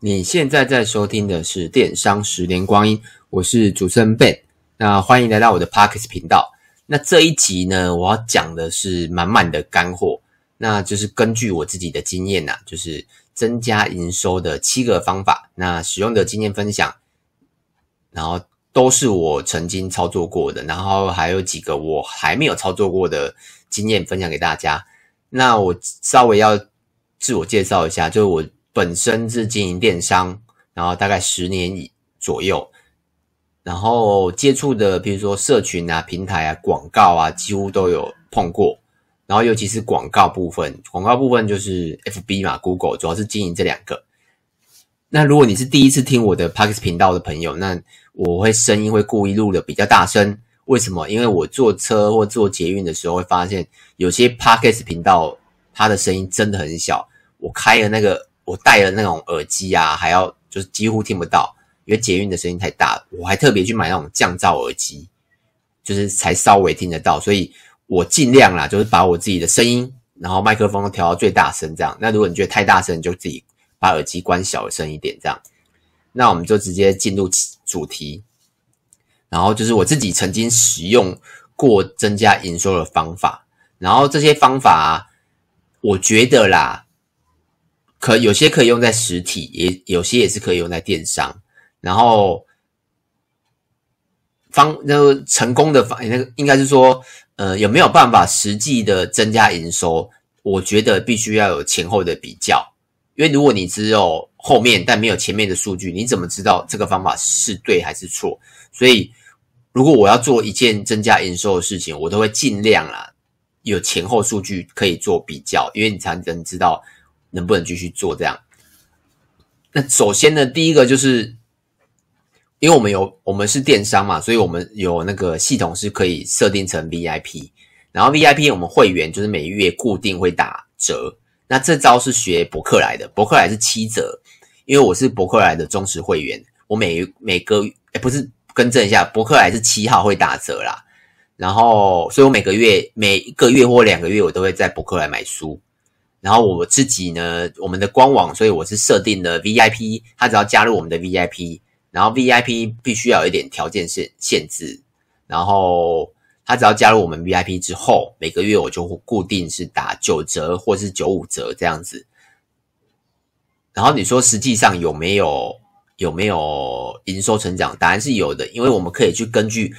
你現在在收聽的是《電商十年光陰》，我是主持人 Ben，那歡迎來到我的 Podcast 頻道。那這一集呢，我要講的是滿滿的乾貨，那就是根據我自己的經驗吶、啊，就是增加營收的七個方法。那實用的經驗分享，然後都是我曾經操作過的，然後還有幾個我還沒有操作過的經驗分享給大家。那我稍微要自我介紹一下，就是我。本身是經營電商，然後大概十年左右，然後接觸的，比如說社群啊、平台啊、廣告啊，幾乎都有碰過。然後尤其是廣告部分，廣告部分就是 FB 嘛、Google，主要是經營這兩個。那如果你是第一次聽我的 Podcast 頻道的朋友，那我會聲音會故意錄的比較大聲。為什麼？因為我坐車或坐捷運的時候，會發現有些 Podcast 頻道它的聲音真的很小。我開的那個。我戴了那種耳機啊，還要就是幾乎聽不到，因為捷運的聲音太大。我還特別去買那種降噪耳機，就是才稍微聽得到。所以我盡量啦，就是把我自己的聲音，然後麥克風都調到最大聲，這樣。那如果你覺得太大聲，你就自己把耳機關小聲一點，這樣。那我們就直接進入主題，然後就是我自己曾經使用過增加營收的方法，然後這些方法啊，我覺得啦。可有些可以用在實體，也有些也是可以用在電商。然後方那個成功的方，那個應該是說，呃，有沒有辦法實際的增加營收？我覺得必須要有前後的比較，因為如果你只有後面但沒有前面的數據，你怎麼知道這個方法是對還是錯？所以，如果我要做一件增加營收的事情，我都會盡量啊有前後數據可以做比較，因為你才能知道。能不能繼續做這樣？那首先呢，第一個就是，因為我們有我們是電商嘛，所以我們有那個系統是可以設定成 VIP，然後 VIP 我們會員就是每一月固定會打折。那這招是學博客來的，博客來是七折，因為我是博客來的忠實會員，我每每個哎、欸、不是更正一下，博客來是七號會打折啦。然後，所以我每個月每一個月或兩個月，我都會在博客來買書。然後我自己呢，我們的官網，所以我是設定了 VIP，他只要加入我們的 VIP，然後 VIP 必須要有一點條件限限制，然後他只要加入我們 VIP 之後，每個月我就固定是打九折或是九五折這樣子。然後你說實際上有沒有有沒有營收成長？答案是有的，因為我們可以去根據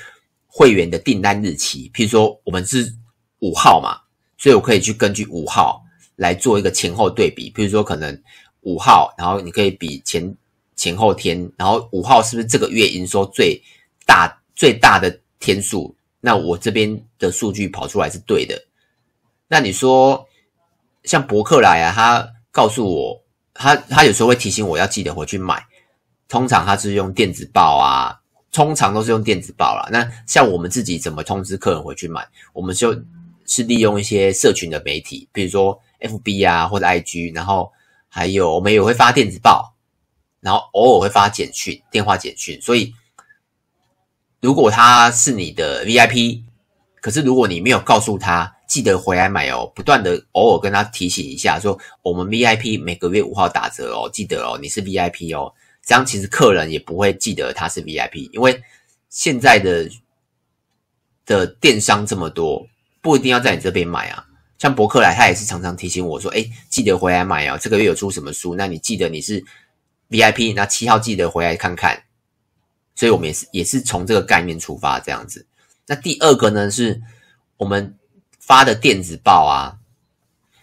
會員的訂單日期，譬如說我們是五號嘛，所以我可以去根據五號。來做一個前後對比，比如說可能五號，然後你可以比前前後天，然後五號是不是這個月營收最大最大的天數？那我這邊的數據跑出來是對的。那你說像博客來啊，他告訴我，他他有時候會提醒我要記得回去買，通常他是用電子報啊，通常都是用電子報啦、啊。那像我們自己怎麼通知客人回去買？我們就是利用一些社群的媒體，比如說。FB 啊，或者 IG，然後還有我們也會發電子報，然後偶爾會發簡訊、電話簡訊。所以，如果他是你的 VIP，可是如果你沒有告訴他記得回來買哦，不斷的偶爾跟他提醒一下說，說我們 VIP 每個月五號打折哦，記得哦，你是 VIP 哦。這樣其實客人也不會記得他是 VIP，因為現在的的電商這麼多，不一定要在你這邊買啊。像博客來，他也是常常提醒我說：“誒，記得回來買哦，這個月有出什麼書？那你記得你是 VIP，那七號記得回來看看。”所以，我們也是也是從這個概念出發這樣子。那第二個呢，是我們發的電子報啊，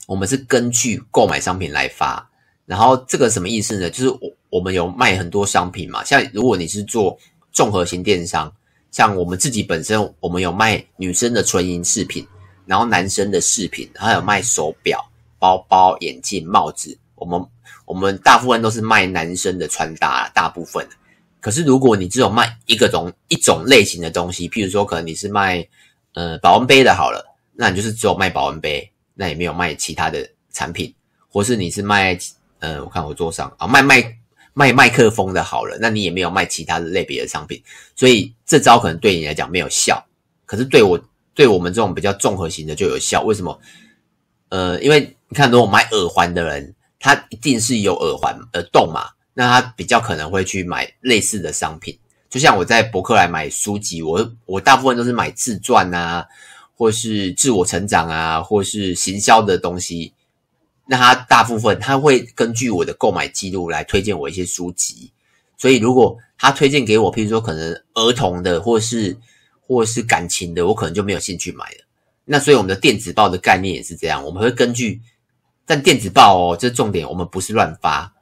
我們是根據購買商品來發。然後這個什麼意思呢？就是我我們有賣很多商品嘛，像如果你是做綜合型電商，像我們自己本身，我們有賣女生的純銀飾品。然後男生的飾品，還有賣手表、包包、眼鏡、帽子。我們我們大部分都是賣男生的穿搭，大部分。可是如果你只有賣一個種一種類型的東西，譬如說可能你是賣呃保溫杯的好了，那你就是只有賣保溫杯，那也沒有賣其他的產品。或是你是賣呃，我看我桌上啊賣賣賣麥克風的好了，那你也沒有賣其他的類別的商品。所以這招可能對你來講沒有效，可是對我。對我們這種比較綜合型的就有效，為什麼？呃，因為你看，如果買耳環的人，他一定是有耳環耳洞嘛，那他比較可能會去買類似的商品。就像我在博客來買書籍，我我大部分都是買自傳啊，或是自我成長啊，或是行銷的東西。那他大部分他會根據我的購買記錄來推薦我一些書籍，所以如果他推薦給我，譬如說可能兒童的，或是或者是感情的，我可能就沒有興趣買了。那所以我們的電子報的概念也是這樣，我們會根據，但電子報哦，這重點我們不是亂發。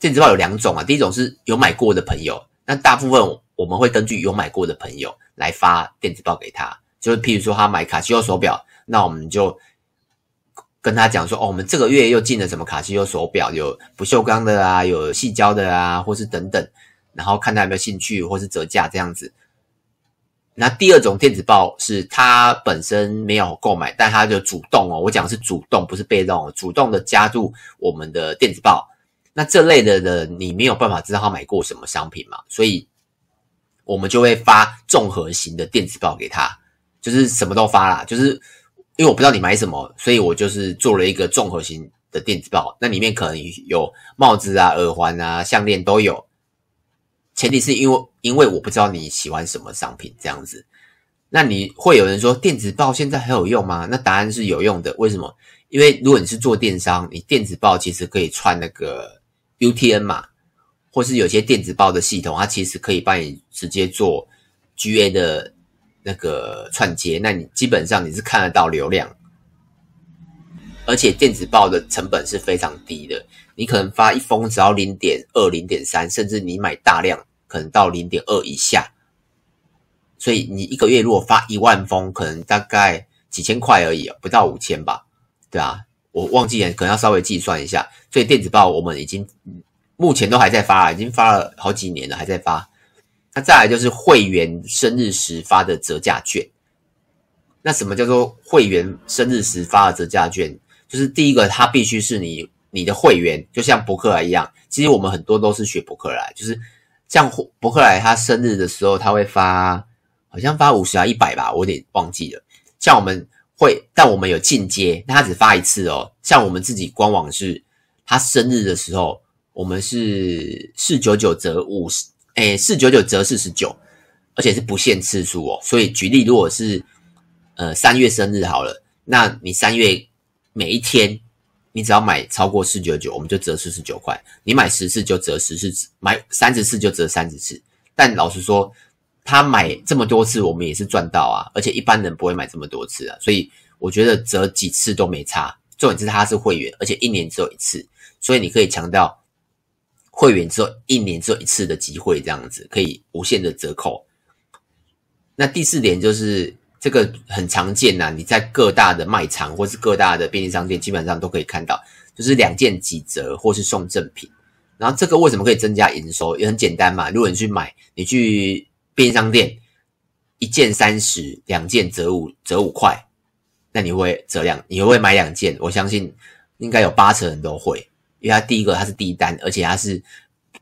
電子報有兩種啊，第一種是有買過的朋友，那大部分我們會根據有買過的朋友來發電子報給他，就是譬如說他買卡西歐手錶，那我們就跟他講說，哦，我們這個月又進了什麼卡西歐手錶，有不鏽鋼的啊，有矽膠的啊，或是等等，然後看他有沒有興趣，或是折價這樣子。那第二種電子報是，他本身沒有購買，但他就主動哦，我講的是主動，不是被動哦，主動的加入我們的電子報。那這類的人，你沒有辦法知道他買過什麼商品嘛，所以我們就會發綜合型的電子報給他，就是什麼都發啦，就是因為我不知道你買什麼，所以我就是做了一個綜合型的電子報，那裡面可能有帽子啊、耳環啊、項鏈都有。前提是因為，因為我不知道你喜歡什麼商品這樣子，那你會有人說電子報現在還有用嗎？那答案是有用的，為什麼？因為如果你是做電商，你電子報其實可以串那個 UTM 嘛，或是有些電子報的系統，它其實可以幫你直接做 GA 的那個串接，那你基本上你是看得到流量，而且電子報的成本是非常低的，你可能發一封只要零點二、零點三，甚至你買大量。可能到零點二以下，所以你一個月如果發一萬封，可能大概幾千塊而已，不到五千吧，對啊，我忘記了，可能要稍微計算一下。所以電子報我們已經目前都還在發了，已經發了好幾年了，還在發。那再來就是會員生日時發的折價券。那什麼叫做會員生日時發的折價券？就是第一個，它必須是你你的會員，就像博客來一樣，其實我們很多都是學博客來，就是。像博客來他生日的時候，他會發，好像發五十啊，一百吧，我有點忘記了。像我們會，但我們有進階，那他只發一次哦。像我們自己官網是，他生日的時候，我們是四九九折五十，欸，哎，四九九折四十九，而且是不限次數哦。所以舉例，如果是呃三月生日好了，那你三月每一天。你只要買超過四九九，我們就折四十九塊。你買十次就折十次，買三十次就折三十次。但老實說，他買這麼多次，我們也是賺到啊。而且一般人不會買這麼多次啊，所以我覺得折幾次都沒差。重點是他是會員，而且一年只有一次，所以你可以強調會員只有一年只有一次的機會，這樣子可以無限的折扣。那第四點就是。這個很常見吶、啊，你在各大的賣場或是各大的便利商店，基本上都可以看到，就是兩件幾折或是送贈品。然後這個為什麼可以增加營收？也很簡單嘛，如果你去買，你去便利商店一件三十，兩件折五折五塊，那你會折兩，你會買兩件。我相信應該有八成人都會，因為它第一個它是第一單，而且它是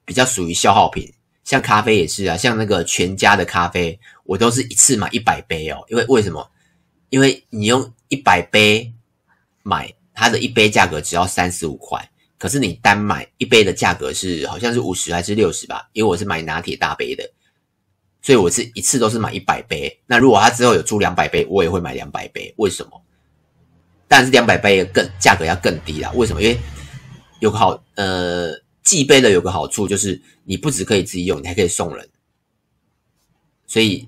比較屬於消耗品。像咖啡也是啊，像那個全家的咖啡，我都是一次買一百杯哦。因為為什麼？因為你用一百杯買，它的一杯價格只要三十五塊，可是你單買一杯的價格是好像是五十還是六十吧。因為我是買拿鐵大杯的，所以我是一次都是買一百杯。那如果它之後有出兩百杯，我也會買兩百杯。為什麼？但是兩百杯更價格要更低啦。為什麼？因為有好呃。寄杯的有個好處就是，你不只可以自己用，你還可以送人，所以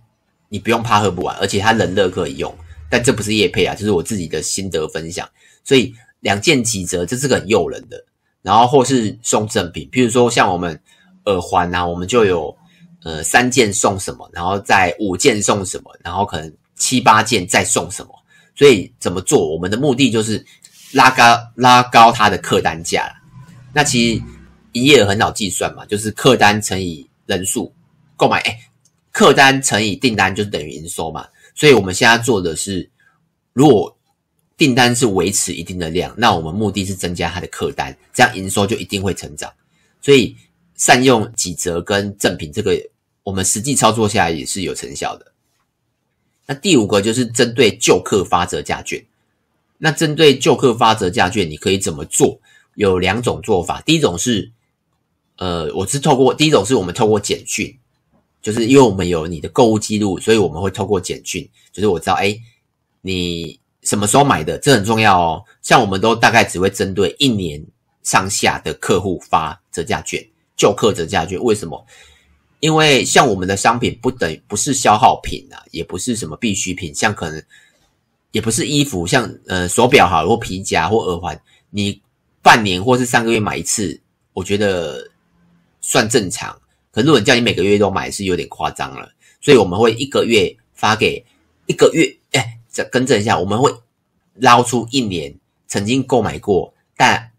你不用怕喝不完，而且他人樂可以用。但這不是葉配啊，這、就是我自己的心得分享。所以兩件幾折這是個很誘人的，然後或是送贈品，譬如說像我們耳環啊，我們就有呃三件送什麼，然後再五件送什麼，然後可能七八件再送什麼。所以怎麼做？我們的目的就是拉高拉高它的客單價。那其實。營業額很好計算嘛，就是客單乘以人數購買，哎，客單乘以訂單就等於營收嘛。所以我們現在做的是，如果訂單是維持一定的量，那我們目的是增加它的客單，這樣營收就一定會成長。所以善用幾折跟贈品，這個我們實際操作下來也是有成效的。那第五個就是針對舊客發折價券，那針對舊客發折價券你可以怎麼做？有兩種做法，第一種是。呃，我是透過第一種，是我們透過簡訊，就是因為我們有你的購物記錄，所以我們會透過簡訊，就是我知道，哎、欸，你什麼時候買的，這很重要哦。像我們都大概只會針對一年上下的客戶發折價券，舊客折價券，為什麼？因為像我們的商品，不等於不是消耗品啊，也不是什麼必需品，像可能也不是衣服，像呃手錶好，或皮夾或耳環，你半年或是三個月買一次，我覺得算正常，可是如果你叫你每個月都買是有點誇張了，所以我們會一個月發給一個月，哎、欸，這更正一下，我們會撈出一年曾經購買過，但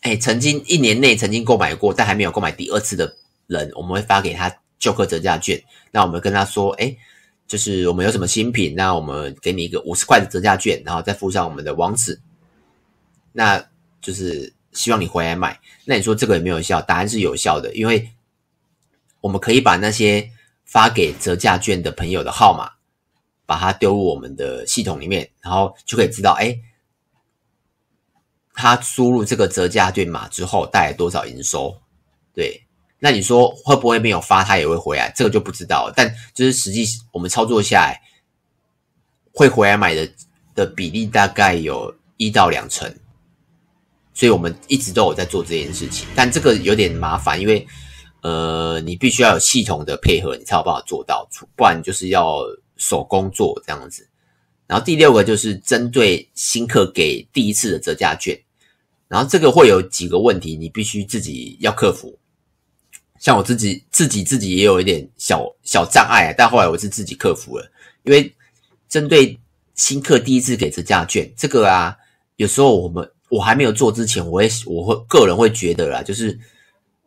哎、欸，曾經一年內曾經購買過但還沒有購買第二次的人，我們會發給他舊客折價券。那我們跟他說，哎、欸，就是我們有什麼新品，那我們給你一個五十塊的折價券，然後再附上我們的網址，那就是。希望你回來買，那你說這個有沒有效？答案是有效的，因為我們可以把那些發給折價券的朋友的號碼，把它丟入我們的系統裡面，然後就可以知道，哎、欸，他輸入這個折價券碼之後帶來多少營收。對，那你說會不會沒有發他也會回來？這個就不知道了，但就是實際我們操作下來會回來買的的比例大概有一到兩成。所以，我們一直都有在做這件事情，但這個有點麻煩，因為，呃，你必須要有系統的配合，你才有辦法做到，不然就是要手工做這樣子。然後第六個就是針對新客給第一次的折價券，然後這個會有幾個問題，你必須自己要克服。像我自己，自己自己也有一點小小障礙，啊，但後來我是自己克服了，因為針對新客第一次給折價券，這個啊，有時候我們。我還沒有做之前，我也我會個人會覺得啦，就是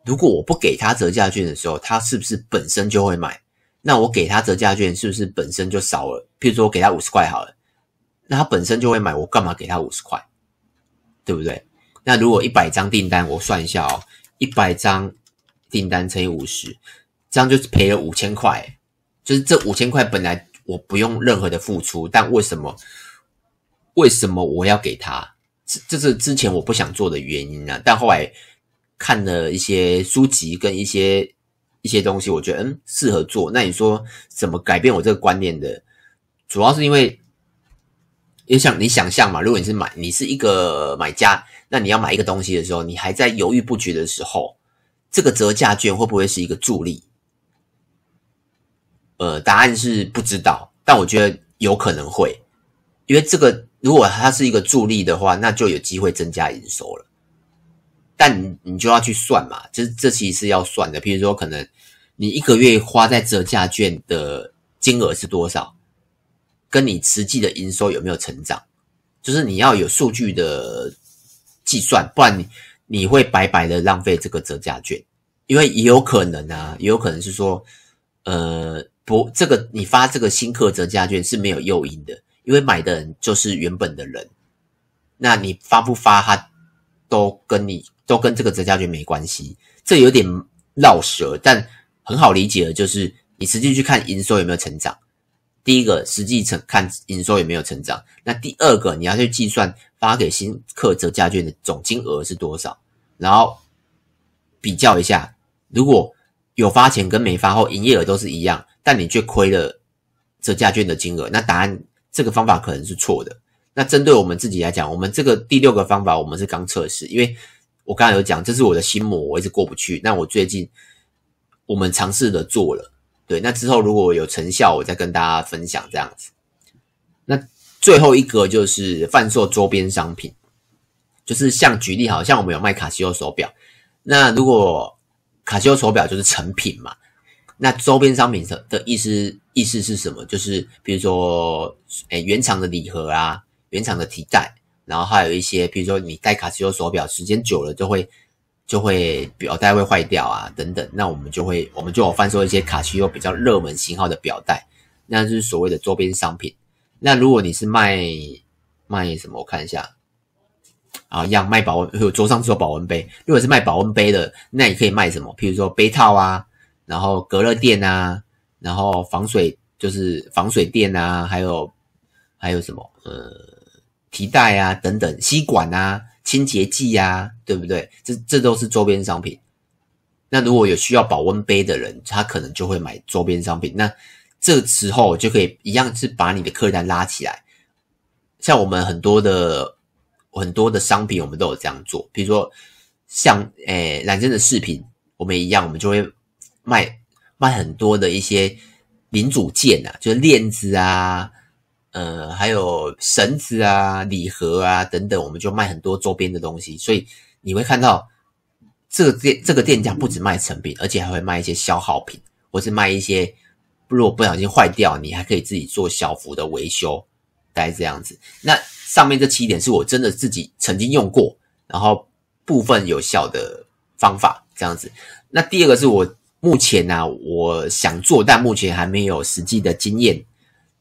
如果我不給他折價券的時候，他是不是本身就會買？那我給他折價券，是不是本身就少了？譬如說，我給他五十塊好了，那他本身就會買，我幹嘛給他五十塊？對不對？那如果一百張訂單，我算一下哦、喔，一百張訂單乘以五十，這樣就是賠了五千塊。就是這五千塊本來我不用任何的付出，但為什麼？為什麼我要給他？這是之前我不想做的原因啊，但後來看了一些書籍跟一些一些東西，我覺得嗯適合做。那你說怎麼改變我這個觀念的？主要是因為，你想你想象嘛，如果你是買你是一個買家，那你要買一個東西的時候，你還在猶豫不決的時候，這個折價券會不會是一個助力？呃，答案是不知道，但我覺得有可能會，因為這個。如果它是一個助力的話，那就有機會增加營收了。但你你就要去算嘛，這這其實是要算的。比如說，可能你一個月花在折價券的金額是多少，跟你實際的營收有沒有成長，就是你要有數據的計算，不然你你會白白的浪費這個折價券，因為也有可能啊，也有可能是說，呃，不，這個你發這個新客折價券是沒有誘因的。因為買的人就是原本的人，那你發不發他，都跟你都跟這個折價券沒關係。這有點繞舌，但很好理解的，就是你實際去看營收有沒有成長。第一個，實際成看營收有沒有成長。那第二個，你要去計算發給新客折價券的總金額是多少，然後比較一下，如果有發前跟沒發後營業額都是一樣，但你卻虧了折價券的金額，那答案。這個方法可能是錯的。那針對我們自己來講，我們這個第六個方法我們是剛測試，因為我剛才有講，這是我的心魔，我一直過不去。那我最近我們嘗試的做了，對。那之後如果有成效，我再跟大家分享這樣子。那最後一個就是販售週邊商品，就是像舉例，好像我們有賣卡西歐手錶。那如果卡西歐手錶就是成品嘛？那週邊商品的的意思意思是什麼？就是比如說，哎、欸，原廠的禮盒啊，原廠的提袋，然後還有一些，比如說你戴卡西歐手表時間久了就會，就會就會表帶會壞掉啊，等等。那我們就會我們就有販售一些卡西歐比較熱門型號的表帶，那就是所謂的週邊商品。那如果你是賣賣什麼？我看一下啊，要賣保溫，有桌上只有保溫杯。如果是賣保溫杯的，那你可以賣什麼？比如說杯套啊。然後隔熱墊啊，然後防水就是防水墊啊，還有還有什麼呃提袋啊、等等、吸管啊、清潔劑呀、啊，對不對？這這都是周邊商品。那如果有需要保溫杯的人，他可能就會買周邊商品。那這個時候就可以一樣是把你的客單拉起來。像我們很多的很多的商品，我們都有這樣做。比如說像誒男，欸、生的飾品我們一樣，我們就會。賣賣很多的一些零組件啊，就是鏈子啊，呃，還有繩子啊、禮盒啊等等，我們就賣很多周邊的東西。所以你會看到這個店，這個店家不只賣成品，而且還會賣一些消耗品，或是賣一些，如果不小心壞掉，你還可以自己做小幅的維修，大概這樣子。那上面這七點是我真的自己曾經用過，然後部分有效的方法，這樣子。那第二個是我。目前呢、啊，我想做，但目前還沒有實際的經驗，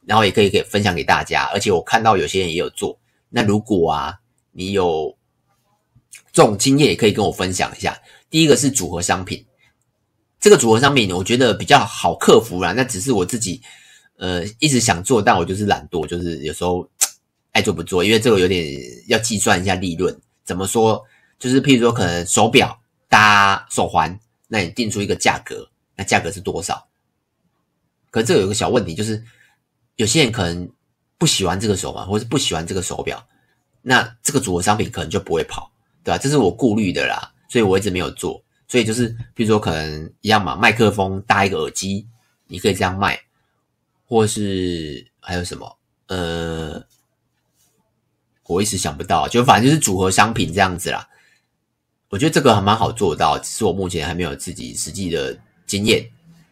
然後也可以給分享給大家。而且我看到有些人也有做，那如果啊，你有這種經驗，也可以跟我分享一下。第一個是組合商品，這個組合商品呢，我覺得比較好克服啦。那只是我自己呃一直想做，但我就是懶惰，就是有時候愛做不做，因為這個有點要計算一下利潤。怎麼說？就是譬如說，可能手表搭手環。那你定出一個價格，那價格是多少？可是這有一個小問題，就是有些人可能不喜歡這個手環，或是不喜歡這個手錶，那這個組合商品可能就不會跑，對吧、啊？這是我顧慮的啦，所以我一直沒有做。所以就是，比如說，可能一樣嘛，麥克風搭一個耳機，你可以這樣賣，或是還有什麼？呃，我一直想不到，就反正就是組合商品這樣子啦。我覺得這個還蠻好做到，只是我目前還沒有自己實際的經驗。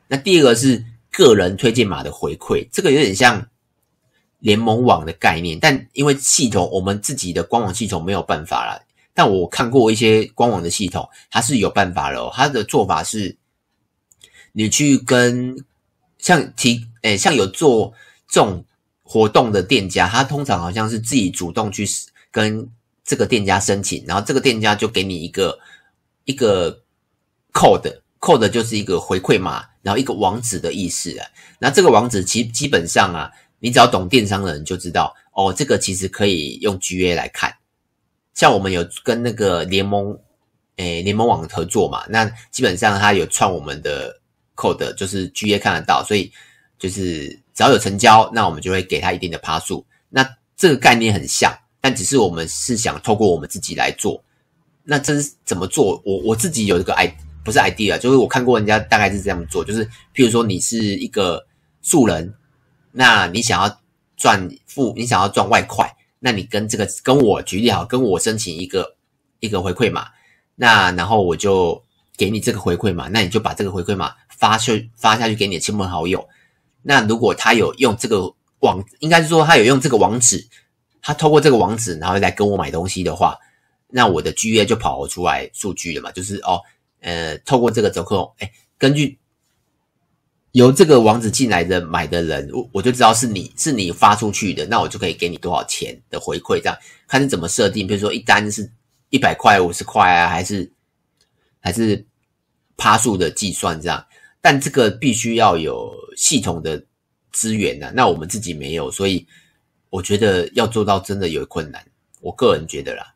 那第二個是個人推薦碼的回饋，這個有點像聯盟網的概念，但因為系統我們自己的官網系統沒有辦法啦。但我看過一些官網的系統，它是有辦法的哦，它的做法是，你去跟像提誒，哎，像有做這種活動的店家，他通常好像是自己主動去跟。這個店家申請，然後這個店家就給你一個一個 code，code code 就是一個回饋碼，然後一個網址的意思、啊。那這個網址其基本上啊，你只要懂電商的人就知道，哦，這個其實可以用 GA 來看。像我們有跟那個聯盟，誒、哎，聯盟網合作嘛，那基本上他有串我們的 code，就是 GA 看得到，所以就是只要有成交，那我們就會給他一定的趴數。那這個概念很像。但只是我們是想透過我們自己來做，那這是怎麼做？我我自己有一個 i 不是 idea，就是我看過人家大概是這樣做，就是譬如說你是一個素人，那你想要賺付，你想要賺外快，那你跟這個跟我舉例好，跟我申請一個一個回饋碼，那然後我就給你這個回饋碼，那你就把這個回饋碼發去發下去給你的親朋好友，那如果他有用這個網，應該是說他有用這個網址。他透過這個網址，然後來跟我買東西的話，那我的 G A 就跑出來數據了嘛？就是哦，呃，透過這個折扣，誒、欸、根據由這個網址進來的買的人，我我就知道是你是你發出去的，那我就可以給你多少錢的回饋，這樣。看你怎麼設定，比如說一單是一百塊、五十塊啊，還是還是趴數的計算這樣？但這個必須要有系統的資源呢、啊，那我們自己沒有，所以。我覺得要做到真的有困難，我個人覺得啦。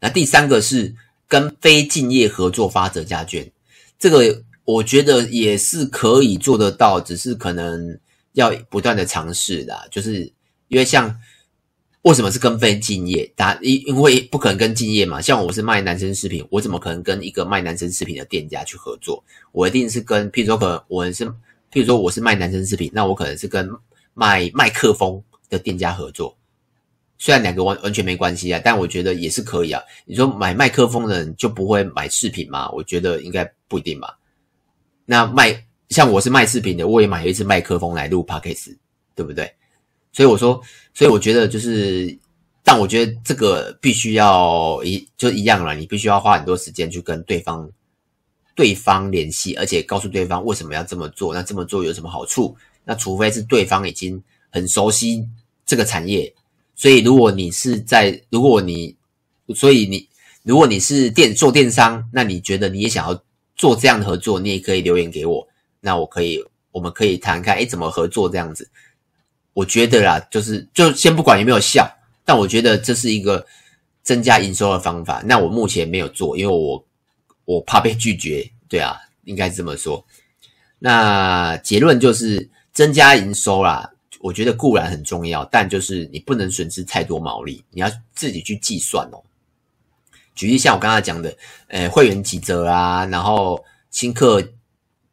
那第三個是跟非競業合作發折價券，這個我覺得也是可以做得到，只是可能要不斷的嘗試啦。就是因為像為什麼是跟非競業？大家因因為不可能跟競業嘛。像我是賣男生飾品，我怎麼可能跟一個賣男生飾品的店家去合作？我一定是跟譬如說，可能我是譬如說我是賣男生飾品，那我可能是跟賣麥克風。的店家合作，雖然兩個完完全沒關係啊，但我覺得也是可以啊。你說買麥克風的人就不會買飾品嗎？我覺得應該不一定吧。那賣像我是賣飾品的，我也買了一支麥克風來錄 Podcast，對不對？所以我說，所以我覺得就是，但我覺得這個必須要一就一樣了，你必須要花很多時間去跟對方對方聯繫，而且告訴對方為什麼要這麼做，那這麼做有什麼好處？那除非是對方已經。很熟悉這個產業，所以如果你是在，如果你，所以你，如果你是電做電商，那你覺得你也想要做這樣的合作，你也可以留言給我，那我可以，我們可以談看，哎，怎麼合作這樣子？我覺得啦，就是就先不管有沒有效，但我覺得這是一個增加營收的方法。那我目前沒有做，因為我我怕被拒絕，對啊，應該是這麼說。那結論就是增加營收啦。我覺得固然很重要，但就是你不能損失太多毛利，你要自己去計算哦。舉例像我剛才講的，哎，會員幾折啊，然後新客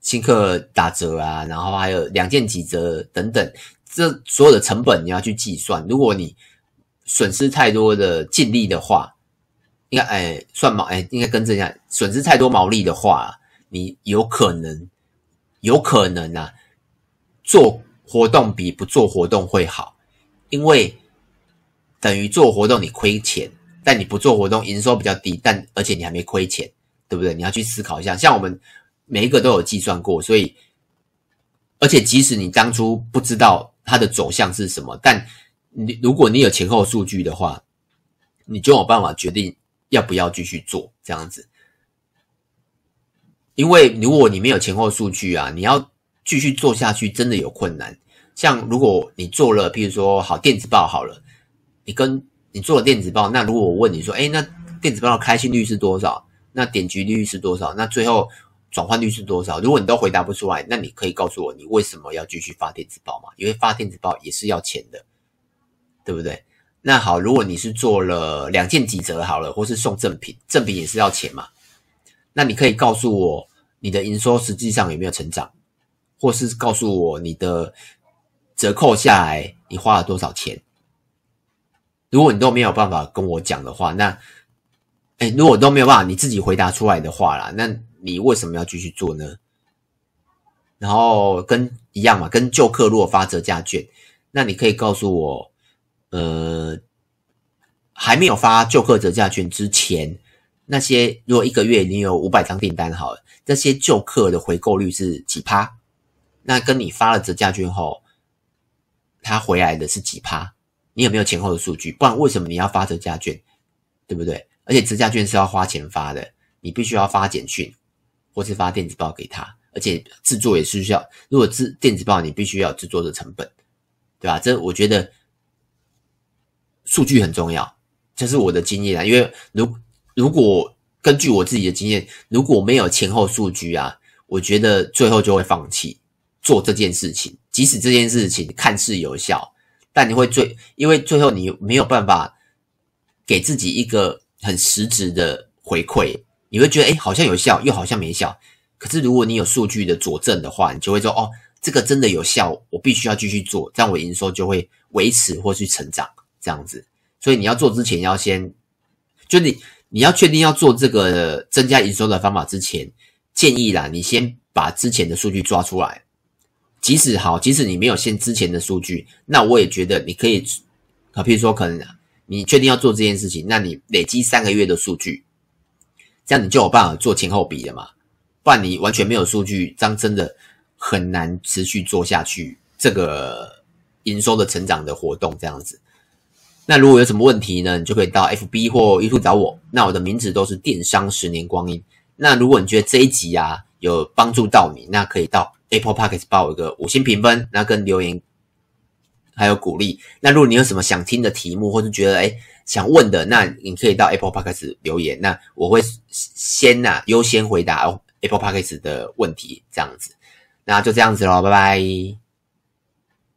新客打折啊，然後還有兩件幾折等等，這所有的成本你要去計算。如果你損失太多的淨利的話，應該哎算毛哎應該更正一下，損失太多毛利的話，你有可能有可能吶、啊、做。活動比不做活動會好，因為等於做活動你虧錢，但你不做活動營收比較低，但而且你還沒虧錢，對不對？你要去思考一下。像我們每一個都有計算過，所以而且即使你當初不知道它的走向是什麼，但你如果你有前後數據的話，你就有辦法決定要不要繼續做這樣子。因為如果你沒有前後數據啊，你要繼續做下去真的有困難。像如果你做了，譬如說好電子報好了，你跟你做了電子報，那如果我問你說，哎、欸，那電子報的開信率是多少？那點擊率是多少？那最後轉換率是多少？如果你都回答不出來，那你可以告訴我你為什麼要繼續發電子報嗎？因為發電子報也是要錢的，對不對？那好，如果你是做了兩件幾折好了，或是送贈品，贈品也是要錢嘛？那你可以告訴我你的營收實際上有沒有成長，或是告訴我你的。折扣下來，你花了多少錢？如果你都沒有辦法跟我講的話，那，哎、欸，如果都沒有辦法你自己回答出來的話啦，那你為什麼要繼續做呢？然後跟一樣嘛，跟舊客如果發折價券，那你可以告訴我，呃，還沒有發舊客折價券之前，那些如果一個月你有五百張訂單，好了，那些舊客的回購率是幾趴？那跟你發了折價券後，他回來的是幾趴？你有沒有前後的數據？不然為什麼你要發折價券？對不對？而且折價券是要花錢發的，你必須要發簡訊，或是發電子報給他，而且製作也是需要。如果製電子報，你必須要有製作的成本，對吧？這我覺得數據很重要，這，就是我的經驗。啊，因為如果如果根據我自己的經驗，如果沒有前後數據啊，我覺得最後就會放棄做這件事情。即使這件事情看似有效，但你會最因為最後你沒有辦法給自己一個很實質的回饋，你會覺得誒，好像有效，又好像沒效。可是如果你有數據的佐證的話，你就會說哦，這個真的有效，我必須要繼續做，這樣我營收就會維持或去成長這樣子。所以你要做之前，要先就你你要確定要做這個增加營收的方法之前，建議啦，你先把之前的數據抓出來。即使好，即使你沒有現之前的數據，那我也覺得你可以，啊，譬如說可能你確定要做這件事情，那你累積三個月的數據，這樣你就有辦法做前後比了嘛。不然你完全沒有數據，這樣真的很難持續做下去這個營收的成長的活動這樣子。那如果有什麼問題呢，你就可以到 FB 或 YouTube 找我。那我的名字都是電商十年光陰。那如果你覺得這一集啊有幫助到你，那可以到。Apple Podcast 報一個五星評分，那跟留言還有鼓勵。那如果你有什麼想聽的題目，或是覺得誒想問的，那你可以到 Apple Podcast 留言。那我會先吶、啊、優先回答 Apple Podcast 的問題，這樣子。那就這樣子嘍，拜拜。